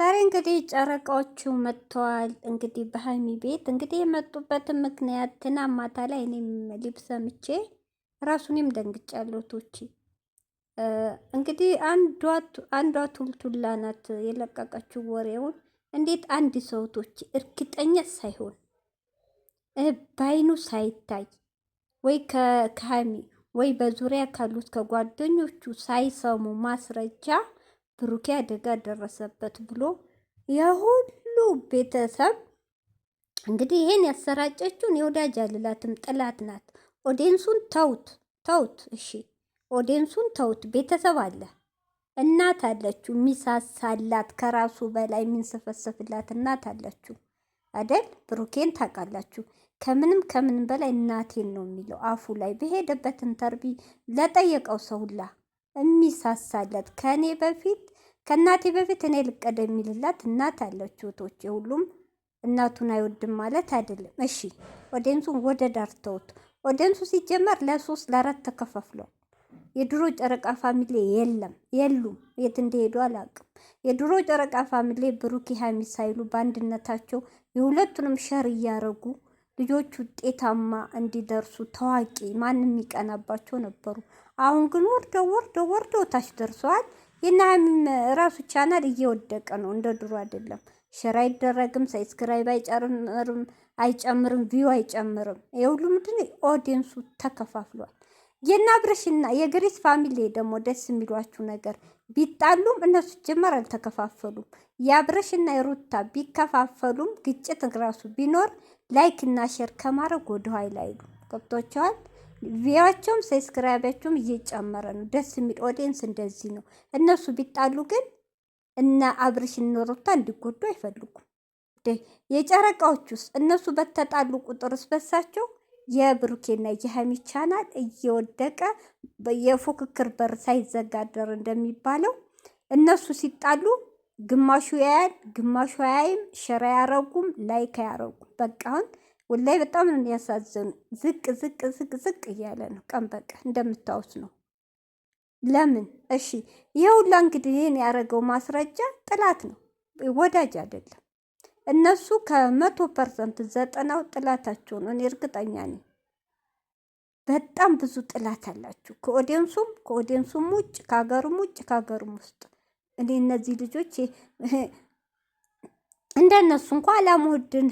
ዛሬ እንግዲህ ጨረቃዎቹ መጥተዋል። እንግዲህ በሀይሚ ቤት እንግዲህ የመጡበትን ምክንያት ትናንት ማታ ላይ እኔም ሊብስ ሰምቼ ራሱንም ደንግጫለሁ። ቶቺ እንግዲህ አንዷ ቱልቱላ ናት የለቀቀችው ወሬውን። እንዴት አንድ ሰው ቶቺ እርግጠኛ ሳይሆን ባይኑ ሳይታይ ወይ ከሀይሚ ወይ በዙሪያ ካሉት ከጓደኞቹ ሳይሰሙ ማስረጃ ብሩኬ አደጋ ደረሰበት ብሎ ያ ሁሉ ቤተሰብ እንግዲህ ይሄን ያሰራጨችውን የወዳጅ አልላትም ጥላት ናት። ኦዴንሱን ተውት ተውት፣ እሺ ኦዴንሱን ተውት። ቤተሰብ አለ፣ እናት አለችው፣ ሚሳሳላት ከራሱ በላይ የሚንሰፈሰፍላት እናት አለችው አደል? ብሩኬን ታውቃላችሁ። ከምንም ከምንም በላይ እናቴን ነው የሚለው አፉ ላይ በሄደበት ተርቢ ለጠየቀው ሰው ሁላ የሚሳሳለት ከእኔ በፊት ከእናቴ በፊት እኔ ልቀደ የሚልላት እናት አለች። ወቶች የሁሉም እናቱን አይወድም ማለት አይደለም። እሺ ኦዲየንሱን ወደ ዳር ተውት። ኦዲየንሱ ሲጀመር ለሶስት ለአራት ተከፋፍሏል። የድሮ ጨረቃ ፋሚሊ የለም የሉም፣ የት እንደሄዱ አላውቅም። የድሮ ጨረቃ ፋሚሌ ብሩኪ ሃሚ ሳይሉ በአንድነታቸው የሁለቱንም ሸር እያረጉ ልጆች ውጤታማ እንዲደርሱ ታዋቂ ማንም የሚቀናባቸው ነበሩ። አሁን ግን ወርደው ወርደው ወርደው ታች ደርሰዋል። የናሀሚም ራሱ ቻናል እየወደቀ ነው፣ እንደ ድሮ አይደለም። ሸር አይደረግም፣ ሳብስክራይብ አይጨምርም፣ አይጨምርም፣ ቪው አይጨምርም። የሁሉ ምንድን ኦዲየንሱ ተከፋፍሏል። የና ብረሽና የግሬስ ፋሚሊ ደግሞ ደስ የሚሏችሁ ነገር ቢጣሉም እነሱ ጀመር አልተከፋፈሉም። የአብረሽና የሩታ ቢከፋፈሉም ግጭት ራሱ ቢኖር ላይክ እና ሼር ከማድረግ ወደኋላ አይሉ ገብቷቸዋል። ቪያቸውም ሰብስክራይባቸውም እየጨመረ ነው። ደስ የሚል ኦዲየንስ እንደዚህ ነው። እነሱ ቢጣሉ ግን እና አብርሽ እንኖሩታ እንዲጎዱ አይፈልጉም። የጨረቃዎቹስ እነሱ በተጣሉ ቁጥር ስበሳቸው የብሩኬና የሀሚ ቻናል እየወደቀ የፉክክር በር ሳይዘጋደር እንደሚባለው እነሱ ሲጣሉ ግማሹ ያያል፣ ግማሹ አያይም፣ ሸር አያረጉም፣ ላይክ አያረጉም። በቃ አሁን ወላይ በጣም ነው የሚያሳዝን። ዝቅ ዝቅ ዝቅ ዝቅ እያለ ነው ቀን በቀን እንደምታዩት ነው። ለምን እሺ፣ ይህ እንግዲህ ይህን ያደረገው ማስረጃ ጥላት ነው፣ ወዳጅ አይደለም። እነሱ ከመቶ ፐርሰንት ዘጠናው ጥላታቸው ነው፣ እኔ እርግጠኛ ነኝ። በጣም ብዙ ጥላት አላችሁ፣ ከኦዲየንሱም ከኦዲየንሱም ውጭ ከሀገርም ውጭ ከሀገርም ውስጥ። እኔ እነዚህ ልጆች እንደነሱ እንኳ አላሙድን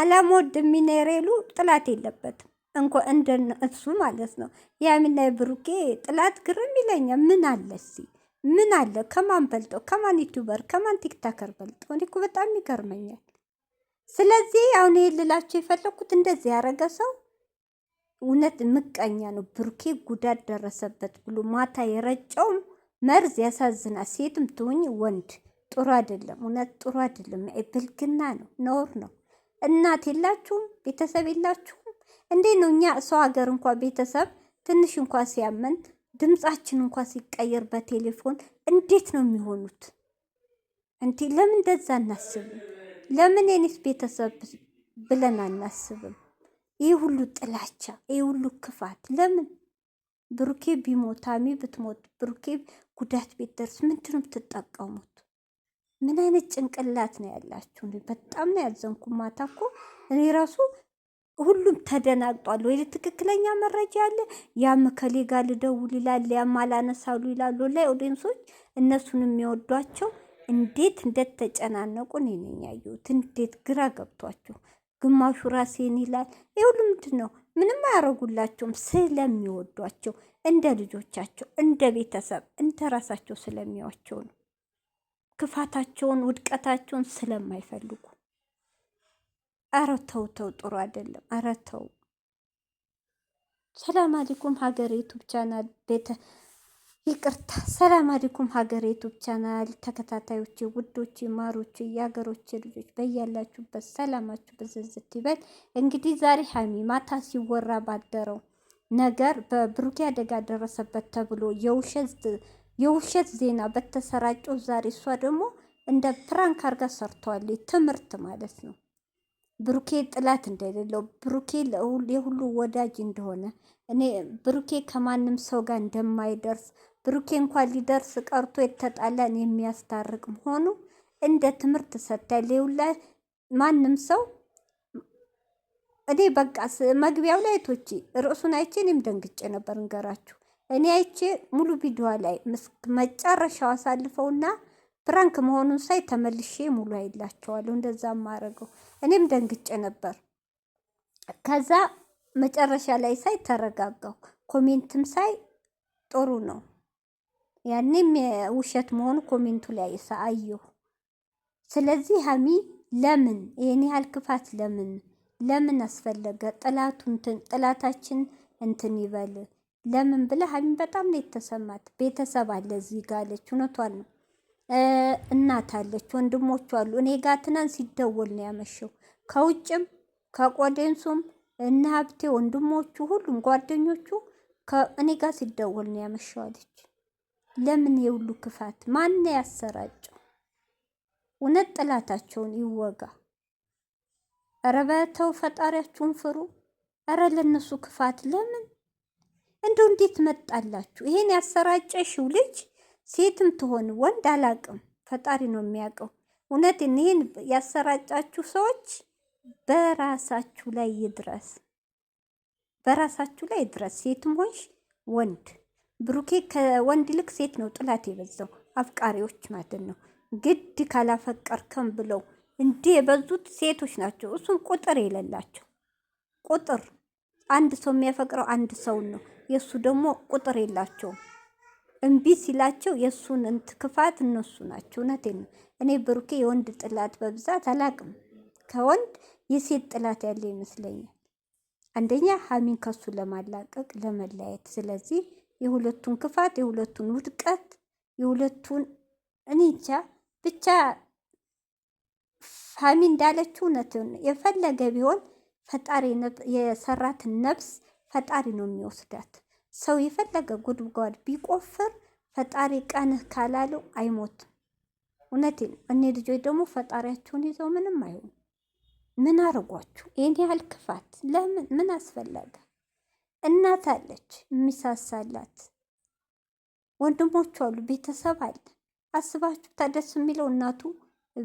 አላሞድ የሚነሬሉ ጥላት የለበትም እንኮ እንደ እሱ ማለት ነው። የሀይሚና የብሩኬ ጥላት ግርም ይለኛል። ምን አለ እስኪ ምን አለ? ከማን በልጦ ከማን ዩቱበር ከማን ቲክታከር በልጦ? እኔ እኮ በጣም ይገርመኛል። ስለዚህ አሁን ይሄ ልላቸው የፈለኩት እንደዚህ ያደረገ ሰው እውነት ምቀኛ ነው። ብሩኬ ጉዳት ደረሰበት ብሎ ማታ የረጨው መርዝ ያሳዝናል። ሴትም ትሁኝ ወንድ ጥሩ አይደለም፣ እውነት ጥሩ አይደለም። ብልግና ነው፣ ነውር ነው። እናት የላችሁም? ቤተሰብ የላችሁም? እንዴት ነው እኛ ሰው ሀገር እንኳ ቤተሰብ ትንሽ እንኳ ሲያመን ድምፃችን እንኳ ሲቀየር በቴሌፎን እንዴት ነው የሚሆኑት? እንዲ ለምን እንደዛ አናስብም? ለምን የኔስ ቤተሰብ ብለን አናስብም? ይህ ሁሉ ጥላቻ፣ ይህ ሁሉ ክፋት ለምን? ብሩኬ ቢሞት ታሚ ብትሞት ብሩኬ ጉዳት ደርስ ምንድነው የምትጠቀሙት? ምን አይነት ጭንቅላት ነው ያላችሁ? በጣም ነው ያዘንኩ። ማታ እኮ እኔ ራሱ ሁሉም ተደናግጧል። ወይ ትክክለኛ መረጃ ያለ ያም ከሌ ጋር ልደውል ይላል፣ ያም አላነሳሉ ይላሉ። ላይ ኦዲንሶች እነሱን የሚወዷቸው እንዴት እንደተጨናነቁ እኔ ነኝ ያየሁት። እንዴት ግራ ገብቷቸው ግማሹ ራሴን ይላል። ይህ ሁሉ ምንድን ነው? ምንም አያረጉላቸውም ስለሚወዷቸው፣ እንደ ልጆቻቸው፣ እንደ ቤተሰብ፣ እንደ ራሳቸው ስለሚያዋቸው ነው። ክፋታቸውን፣ ውድቀታቸውን ስለማይፈልጉ አረ ተው ተው፣ ጥሩ አይደለም። አረ ተው። ሰላም አለይኩም ሀገር ዩቱብ ቻናል ቤተ ይቅርታ፣ ሰላም አለይኩም ሀገር ዩቱብ ቻናል ተከታታዮቼ፣ ውዶቼ፣ ማሮቼ፣ የሀገሮች ልጆች በያላችሁበት ሰላማችሁ ብዝዝት ይበል። እንግዲህ ዛሬ ሀሚ ማታ ሲወራ ባደረው ነገር በብሩኬ አደጋ ደረሰበት ተብሎ የውሸት የውሸት ዜና በተሰራጨው ዛሬ እሷ ደግሞ እንደ ፕራንክ አርጋ ሰርተዋል። ትምህርት ማለት ነው። ብሩኬ ጥላት እንደሌለው ብሩኬ የሁሉ ወዳጅ እንደሆነ እኔ ብሩኬ ከማንም ሰው ጋር እንደማይደርስ ብሩኬ እንኳን ሊደርስ ቀርቶ የተጣላን የሚያስታርቅ መሆኑ እንደ ትምህርት ሰታል። ይውላ ማንም ሰው እኔ በቃ መግቢያው ላይ ቶቼ ርዕሱን አይቼ እኔም ደንግጬ ነበር እንገራችሁ እኔ አይቼ ሙሉ ቪዲዮ ላይ መጨረሻው አሳልፈውና ፕራንክ መሆኑን ሳይ ተመልሼ ሙሉ አይላቸዋለሁ። እንደዛ ማረገው እኔም ደንግጬ ነበር። ከዛ መጨረሻ ላይ ሳይ ተረጋጋው። ኮሜንትም ሳይ ጥሩ ነው። ያኔም ውሸት መሆኑ ኮሜንቱ ላይ አየሁ። ስለዚህ ሀሚ ለምን ይህን ያህል ክፋት ለምን ለምን አስፈለገ? ጥላቱ እንትን ጥላታችን እንትን ይበል ለምን ብለ ሀሚም በጣም ነው የተሰማት። ቤተሰብ አለ እዚህ ጋ አለች፣ እውነቷን ነው። እናት አለች፣ ወንድሞቹ አሉ። እኔ ጋ ትናንት ሲደወል ነው ያመሸው። ከውጭም ከቆደንሱም እነ ሀብቴ ወንድሞቹ፣ ሁሉም ጓደኞቹ እኔ ጋ ሲደወል ነው ያመሸው አለች። ለምን የሁሉ ክፋት ማን ያሰራጨው? እውነት ጥላታቸውን ይወጋ። ረበተው በተው ፈጣሪያችሁን ፍሩ። ኧረ ለነሱ ክፋት ለምን እንደው እንዴት መጣላችሁ? ይሄን ያሰራጨሽው ልጅ ሴትም ትሆን ወንድ አላቅም፣ ፈጣሪ ነው የሚያውቀው። እውነት ይህን ያሰራጫችሁ ሰዎች በራሳችሁ ላይ ይድረስ፣ በራሳችሁ ላይ ይድረስ። ሴትም ሆንሽ ወንድ ብሩኬ ከወንድ ልክ ሴት ነው ጥላት የበዛው፣ አፍቃሪዎች ማለት ነው። ግድ ካላፈቀርከም ብለው እንዲህ የበዙት ሴቶች ናቸው። እሱም ቁጥር የሌላቸው ቁጥር አንድ ሰው የሚያፈቅረው አንድ ሰውን ነው። የእሱ ደግሞ ቁጥር የላቸውም። እምቢ ሲላቸው የእሱን እንት ክፋት እነሱ ናቸው። እውነቴን ነው። እኔ ብሩኬ የወንድ ጥላት በብዛት አላቅም። ከወንድ የሴት ጥላት ያለ ይመስለኛል። አንደኛ ሀሚን ከሱ ለማላቀቅ ለመለያየት። ስለዚህ የሁለቱን ክፋት፣ የሁለቱን ውድቀት፣ የሁለቱን እኔቻ ብቻ ሀሚ እንዳለችው እውነት የፈለገ ቢሆን ፈጣሪ የሰራትን ነፍስ ፈጣሪ ነው የሚወስዳት። ሰው የፈለገ ጉድጓድ ቢቆፍር ፈጣሪ ቀንህ ካላለው አይሞትም። እውነቴን እኔ ልጆች ደግሞ ፈጣሪያቸውን ይዘው ምንም አይሆን። ምን አርጓችሁ ይህን ያህል ክፋት ለምን? ምን አስፈለገ? እናት አለች የሚሳሳላት፣ ወንድሞቹ አሉ፣ ቤተሰብ አለ። አስባችሁ ታደስ የሚለው እናቱ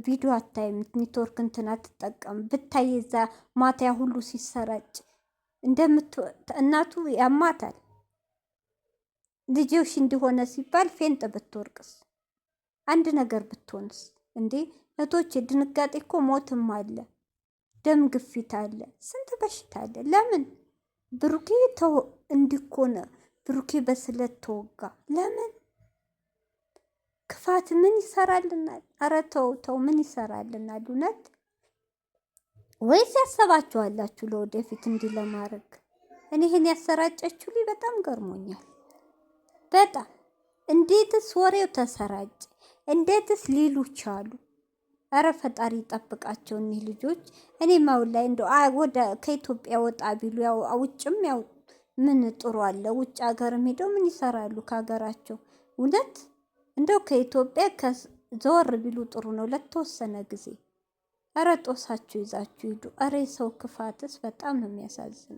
ቪዲዮ አታይም፣ ኔትወርክ እንትን አትጠቀም ብታይ የዛ ማታያ ሁሉ ሲሰራጭ እንደምትወጥ እናቱ ያማታል። ልጅሽ እንደሆነ ሲባል ፌንጥ ብትወርቅስ አንድ ነገር ብትሆንስ? እንዴ እህቶች፣ ድንጋጤ እኮ ሞትም አለ፣ ደም ግፊት አለ፣ ስንት በሽታ አለ። ለምን ብሩኬ እንዲኮነ ብሩኬ በስለት ተወጋ። ለምን ክፋት ምን ይሰራልናል? ኧረ ተው ተው፣ ምን ይሰራልናል እውነት ወይስ ያሰባችኋላችሁ ለወደፊት እንዲህ ለማድረግ? እኔ ይህን ያሰራጨችሁ ልጅ በጣም ገርሞኛል። በጣም እንዴትስ ወሬው ተሰራጨ? እንዴትስ ሊሉ ቻሉ? እረ ፈጣሪ ይጠብቃቸው እኒህ ልጆች። እኔም አሁን ላይ እንደ ወደ ከኢትዮጵያ ወጣ ቢሉ ያው ውጭም ያው ምን ጥሩ አለ? ውጭ ሀገርም ሄደው ምን ይሰራሉ ከሀገራቸው? እውነት እንደው ከኢትዮጵያ ከዞር ቢሉ ጥሩ ነው ለተወሰነ ጊዜ። እረ ጦሳችሁ ይዛችሁ ሂዱ። እረ የሰው ክፋትስ በጣም ነው የሚያሳዝነው።